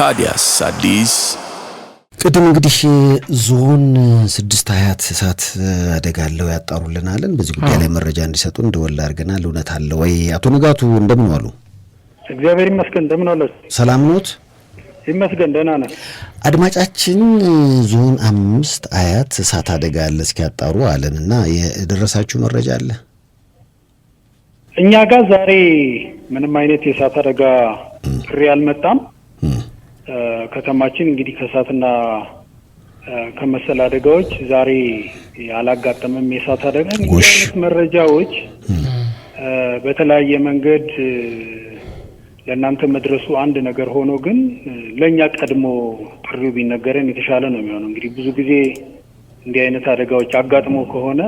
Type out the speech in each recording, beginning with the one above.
ታዲያስ አዲስ ቅድም እንግዲህ ዞን ስድስት ሀያት እሳት አደጋ አለው ያጣሩልናለን። በዚህ ጉዳይ ላይ መረጃ እንዲሰጡ እንደወላ አድርገናል። እውነት አለ ወይ? አቶ ንጋቱ እንደምን አሉ? እግዚአብሔር ይመስገን። እንደምን አለ? ሰላም ኖት? ይመስገን ደህና ነን። አድማጫችን ዞን አምስት አያት እሳት አደጋ አለ እስኪያጣሩ አለን እና የደረሳችሁ መረጃ አለ? እኛ ጋር ዛሬ ምንም አይነት የእሳት አደጋ ፍሬ አልመጣም። ከተማችን እንግዲህ ከእሳትና ከመሰል አደጋዎች ዛሬ አላጋጠመም። የእሳት አደጋ አይነት መረጃዎች በተለያየ መንገድ ለእናንተ መድረሱ አንድ ነገር ሆኖ ግን ለእኛ ቀድሞ ጥሪው ቢነገረን የተሻለ ነው የሚሆነው። እንግዲህ ብዙ ጊዜ እንዲህ አይነት አደጋዎች አጋጥሞ ከሆነ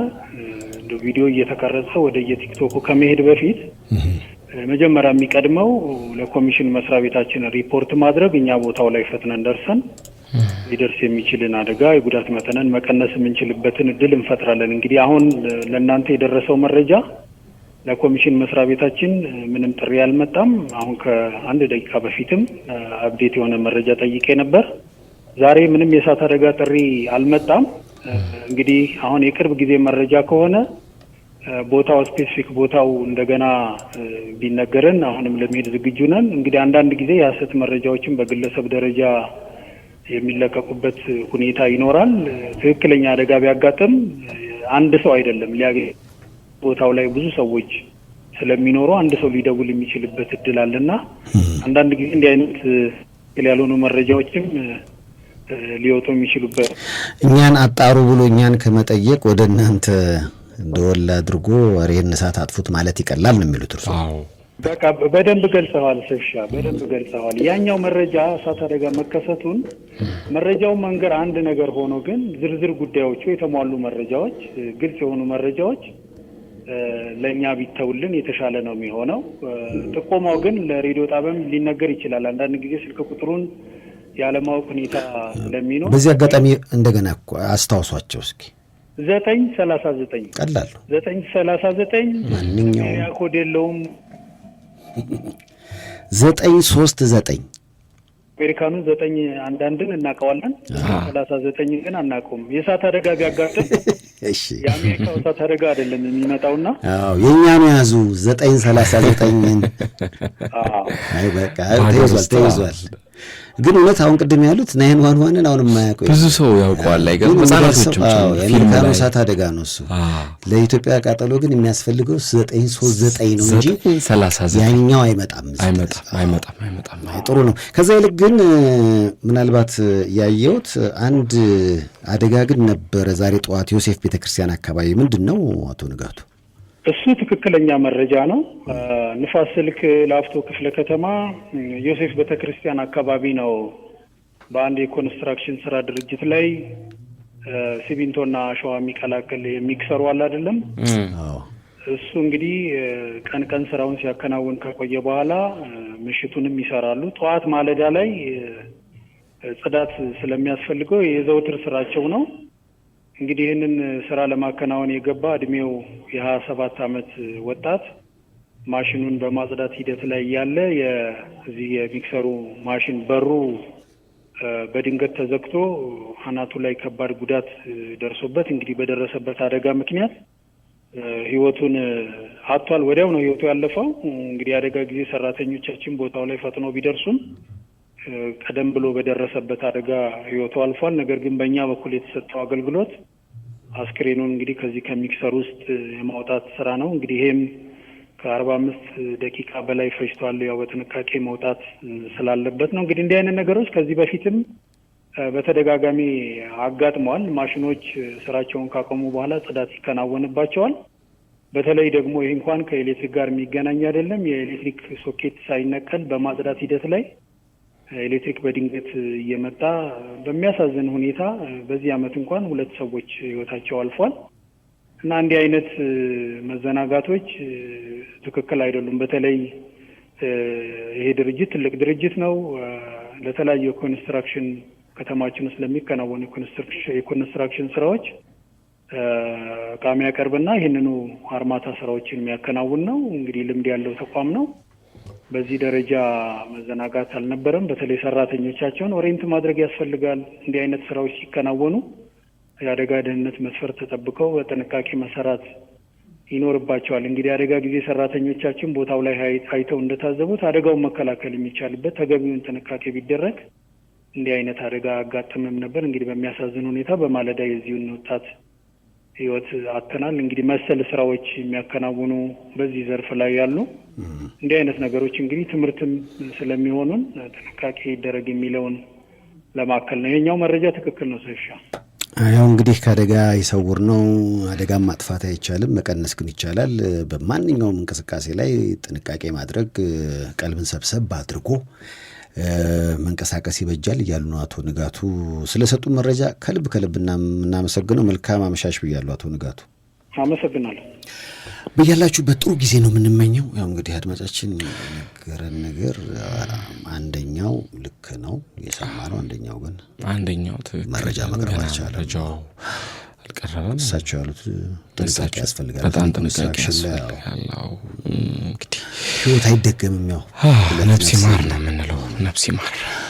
ቪዲዮ እየተቀረጸ ወደ የቲክቶኩ ከመሄድ በፊት መጀመሪያ የሚቀድመው ለኮሚሽን መስሪያ ቤታችን ሪፖርት ማድረግ፣ እኛ ቦታው ላይ ፈጥነን ደርሰን ሊደርስ የሚችልን አደጋ የጉዳት መጠንን መቀነስ የምንችልበትን እድል እንፈጥራለን። እንግዲህ አሁን ለእናንተ የደረሰው መረጃ ለኮሚሽን መስሪያ ቤታችን ምንም ጥሪ አልመጣም። አሁን ከአንድ ደቂቃ በፊትም አብዴት የሆነ መረጃ ጠይቄ ነበር። ዛሬ ምንም የእሳት አደጋ ጥሪ አልመጣም። እንግዲህ አሁን የቅርብ ጊዜ መረጃ ከሆነ ቦታው ስፔሲፊክ ቦታው እንደገና ቢነገረን አሁንም ለመሄድ ዝግጁ ነን። እንግዲህ አንዳንድ ጊዜ የሀሰት መረጃዎችን በግለሰብ ደረጃ የሚለቀቁበት ሁኔታ ይኖራል። ትክክለኛ አደጋ ቢያጋጥም አንድ ሰው አይደለም ሊያገኝ ቦታው ላይ ብዙ ሰዎች ስለሚኖሩ አንድ ሰው ሊደውል የሚችልበት እድል አለና አንዳንድ ጊዜ እንዲህ አይነት ያልሆኑ መረጃዎችም ሊወጡ የሚችሉበት እኛን አጣሩ ብሎ እኛን ከመጠየቅ ወደ እናንተ እንደወል አድርጎ ሬህን እሳት አጥፉት ማለት ይቀላል ነው የሚሉት እርሱ? በቃ በደንብ ገልጸዋል። ስብሻ በደንብ ገልጸዋል። ያኛው መረጃ እሳት አደጋ መከሰቱን መረጃውን መንገር አንድ ነገር ሆኖ ግን ዝርዝር ጉዳዮቹ የተሟሉ መረጃዎች፣ ግልጽ የሆኑ መረጃዎች ለእኛ ቢተውልን የተሻለ ነው የሚሆነው። ጥቆማው ግን ለሬዲዮ ጣቢያም ሊነገር ይችላል። አንዳንድ ጊዜ ስልክ ቁጥሩን ያለማወቅ ሁኔታ ለሚኖር በዚህ አጋጣሚ እንደገና አስታውሷቸው እስኪ ዘጠኝ ሰላሳ ዘጠኝ ቀላል ዘጠኝ ሰላሳ ዘጠኝ ማንኛውም ኮድ የለውም። ዘጠኝ ሶስት ዘጠኝ አሜሪካኑ ዘጠኝ አንዳንድን እናውቀዋለን። ሰላሳ ዘጠኝ ግን አናውቀውም። የእሳት አደጋ ቢያጋጥም የአሜሪካው እሳት አደጋ አይደለም የሚመጣውና የእኛን ያዙ ዘጠኝ ሰላሳ ዘጠኝን ተይዟል ተይዟል። ግን እውነት አሁን ቅድም ያሉት ናይን ዋን ዋንን አሁን የማያውቀው ብዙ ሰው ያውቀዋል። የአሜሪካኑ እሳት አደጋ ነው እሱ። ለኢትዮጵያ ቃጠሎ ግን የሚያስፈልገው ዘጠኝ ሶስት ዘጠኝ ነው እንጂ ያኛው አይመጣም አይመጣም። ጥሩ ነው። ከዛ ይልቅ ግን ምናልባት ያየሁት አንድ አደጋ ግን ነበረ ዛሬ ጠዋት ዮሴፍ ቤተክርስቲያን አካባቢ ምንድን ነው አቶ ንጋቱ እሱ ትክክለኛ መረጃ ነው። ንፋስ ስልክ ላፍቶ ክፍለ ከተማ ዮሴፍ ቤተክርስቲያን አካባቢ ነው በአንድ የኮንስትራክሽን ስራ ድርጅት ላይ ሲሚንቶና አሸዋ የሚቀላቅል የሚክሰሩ አለ አይደለም። እሱ እንግዲህ ቀን ቀን ስራውን ሲያከናውን ከቆየ በኋላ ምሽቱንም ይሰራሉ። ጠዋት ማለዳ ላይ ጽዳት ስለሚያስፈልገው የዘውትር ስራቸው ነው። እንግዲህ ይህንን ስራ ለማከናወን የገባ እድሜው የሀያ ሰባት አመት ወጣት ማሽኑን በማጽዳት ሂደት ላይ ያለ የዚህ የሚክሰሩ ማሽን በሩ በድንገት ተዘግቶ አናቱ ላይ ከባድ ጉዳት ደርሶበት እንግዲህ በደረሰበት አደጋ ምክንያት ህይወቱን አጥቷል። ወዲያው ነው ህይወቱ ያለፈው። እንግዲህ አደጋ ጊዜ ሰራተኞቻችን ቦታው ላይ ፈጥኖ ቢደርሱም ቀደም ብሎ በደረሰበት አደጋ ህይወቱ አልፏል። ነገር ግን በእኛ በኩል የተሰጠው አገልግሎት አስክሬኑን እንግዲህ ከዚህ ከሚክሰር ውስጥ የማውጣት ስራ ነው። እንግዲህ ይሄም ከአርባ አምስት ደቂቃ በላይ ፈጅቷል። ያው በጥንቃቄ መውጣት ስላለበት ነው። እንግዲህ እንዲህ አይነት ነገሮች ከዚህ በፊትም በተደጋጋሚ አጋጥመዋል። ማሽኖች ስራቸውን ካቆሙ በኋላ ጽዳት ይከናወንባቸዋል። በተለይ ደግሞ ይህ እንኳን ከኤሌክትሪክ ጋር የሚገናኝ አይደለም። የኤሌክትሪክ ሶኬት ሳይነቀል በማጽዳት ሂደት ላይ ኤሌክትሪክ በድንገት እየመጣ በሚያሳዝን ሁኔታ በዚህ አመት እንኳን ሁለት ሰዎች ህይወታቸው አልፏል እና እንዲህ አይነት መዘናጋቶች ትክክል አይደሉም። በተለይ ይሄ ድርጅት ትልቅ ድርጅት ነው። ለተለያዩ የኮንስትራክሽን ከተማችን ውስጥ ለሚከናወኑ የኮንስትራክሽን ስራዎች እቃ የሚያቀርብና ይህንኑ አርማታ ስራዎችን የሚያከናውን ነው። እንግዲህ ልምድ ያለው ተቋም ነው። በዚህ ደረጃ መዘናጋት አልነበረም። በተለይ ሰራተኞቻቸውን ኦሬንት ማድረግ ያስፈልጋል። እንዲህ አይነት ስራዎች ሲከናወኑ የአደጋ ደህንነት መስፈርት ተጠብቀው በጥንቃቄ መሰራት ይኖርባቸዋል። እንግዲህ አደጋ ጊዜ ሰራተኞቻችን ቦታው ላይ አይተው እንደታዘቡት አደጋውን መከላከል የሚቻልበት ተገቢውን ጥንቃቄ ቢደረግ እንዲህ አይነት አደጋ አጋጥምም ነበር። እንግዲህ በሚያሳዝን ሁኔታ በማለዳ የዚሁን ወጣት ህይወት አተናል። እንግዲህ መሰል ስራዎች የሚያከናውኑ በዚህ ዘርፍ ላይ ያሉ እንዲህ አይነት ነገሮች እንግዲህ ትምህርትም ስለሚሆኑን ጥንቃቄ ይደረግ የሚለውን ለማከል ነው። የኛው መረጃ ትክክል ነው። ሰሻ ያው እንግዲህ ከአደጋ ይሰውር ነው። አደጋም ማጥፋት አይቻልም፣ መቀነስ ግን ይቻላል። በማንኛውም እንቅስቃሴ ላይ ጥንቃቄ ማድረግ ቀልብን ሰብሰብ አድርጎ መንቀሳቀስ ይበጃል እያሉ ነው አቶ ንጋቱ። ስለሰጡ መረጃ ከልብ ከልብ እናመሰግነው። መልካም አመሻሽ ብያሉ አቶ ንጋቱ። አመሰግናለሁ። በያላችሁበት ጥሩ ጊዜ ነው የምንመኘው። ያው እንግዲህ አድማጫችን ነገረን ነገር አንደኛው ልክ ነው የሰማ ነው፣ አንደኛው ግን አንደኛው መረጃ መቅረብ አልቻለም፣ አልቀረበም። እሳቸው ያሉት ጥንቃቄ ያስፈልጋል፣ በጣም ጥንቃቄ ያስፈልጋል። እንግዲህ ህይወት አይደገምም። ያው ነፍስ ይማር ነው ነፍስ ይማር።